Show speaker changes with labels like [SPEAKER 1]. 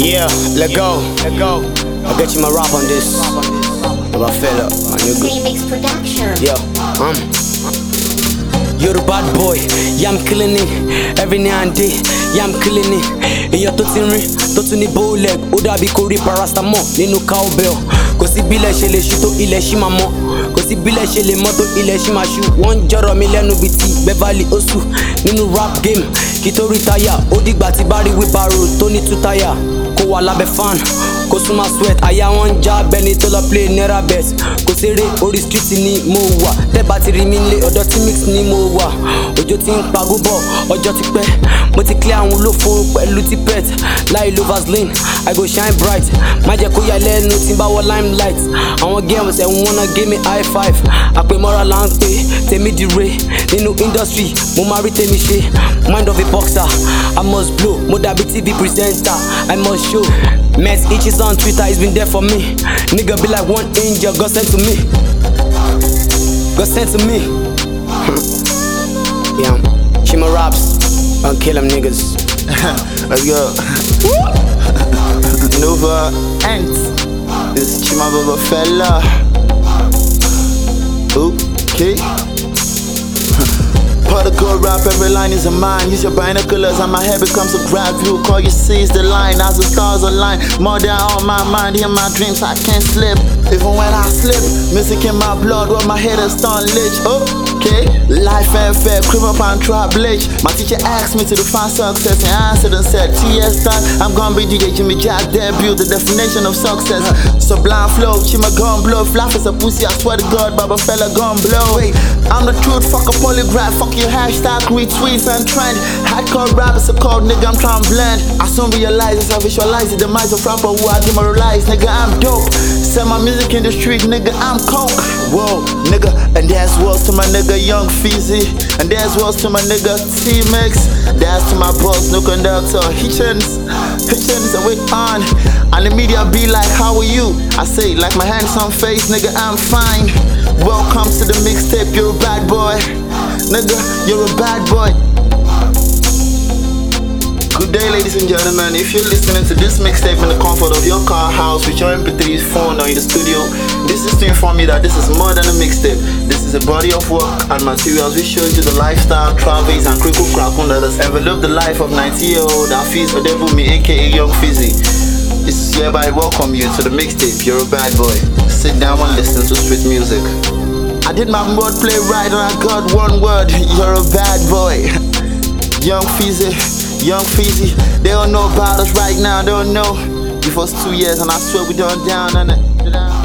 [SPEAKER 1] Yeah, let go. Let go. I'll get you my rap on this. About Philip, my new
[SPEAKER 2] Remix production. Yeah, um.
[SPEAKER 1] You're a bad boy, yeah I'm killing it Every now and day, yeah I'm killing it Èèyàn tó ti rìn, tó tún ní bowleg Ó dàbí kò rí paracetamol nínú cowbell Kosi bile shele shito ile ṣú tó Kosi bile shele moto ile sí bílẹ̀ One lè mọ́ tó ilẹ̀ mi lẹ́nu bíi Beverly Osu Nínú rap game, Kito retire. Odi táyà Ó dìgbà tí Tony rí wíparo wà lábẹ́ fan kò súnmọ́ sweat àyà wọn ń já bẹni tó lọ play naira bet kò ṣeré orí street ni mo wà tẹ́bà ti rí mi lé ọ̀dọ̀ tí mix ni mo wà òjò ti ń pa gúbọ̀ ọjọ́ ti pẹ́ mo ti clear àwọn olófo pẹ́. lùtì pet lean. i go shine bright má jẹ́ kó yà lẹ́nu tí n bá want limelight àwọn games ẹ̀ ń wọ́nà gé mi high five àpèmọ́ra là ń pè tèmi dire nínú industry mo marry rí me ṣe mind of a boxer i must blow mo tv presenter i must show mess itches on twitter he has been there for me nigga be like one angel god sent to me god sent to me. yeah, Shima raps, I'll kill them niggas. Let's go.
[SPEAKER 2] Nova Ants. This is Chima Baba Fella. Okay. Particle rap, every line is a mine. Use your binoculars, and my head becomes a grab view. Call you seize the line as the stars align. than on my mind, in my dreams, I can't sleep. Even when I sleep, music in my blood, when my head is done lich. Oh. Life ain't fair, cream up and trap bleach. My teacher asked me to define success and I answered and said, TS time, I'm gonna be DJ Jimmy Jack, debut the definition of success. Sublime flow, chima gun blow, fluff is a pussy, I swear to God, Baba fella gun blow. Wait, I'm the truth, fuck a polygraph, fuck your hashtag, retweets and trend. Hardcore rap is a cold nigga, I'm trying to blend. I soon realize as I visualize the demise of rapper who I demoralize, nigga, I'm dope my music in the street, nigga, I'm coke. Whoa, nigga, and that's words to my nigga Young Feezy, and that's words to my nigga T Mix, that's to my boss, no conductor, Hitchens, Hitchens, and we on. And the media be like, How are you? I say, Like my hands on face, nigga, I'm fine. Welcome to the mixtape, you're a bad boy, nigga, you're a bad boy. Today, ladies and gentlemen, if you're listening to this mixtape in the comfort of your car, house, with your MP3 phone, or in the studio, this is to inform you that this is more than a mixtape. This is a body of work and materials which shows you the lifestyle, travels, and crinkle crackle that has enveloped the life of 90 year old Hafiz Odebumi, aka Young Fizzy. This is hereby welcome you to the mixtape, You're a Bad Boy. Sit down and listen to sweet music. I did my wordplay right and I got one word, You're a Bad Boy. Young Fizzy. Young Feezy, they don't know about us right now, they don't know. Give us two years, and I swear we done down on it.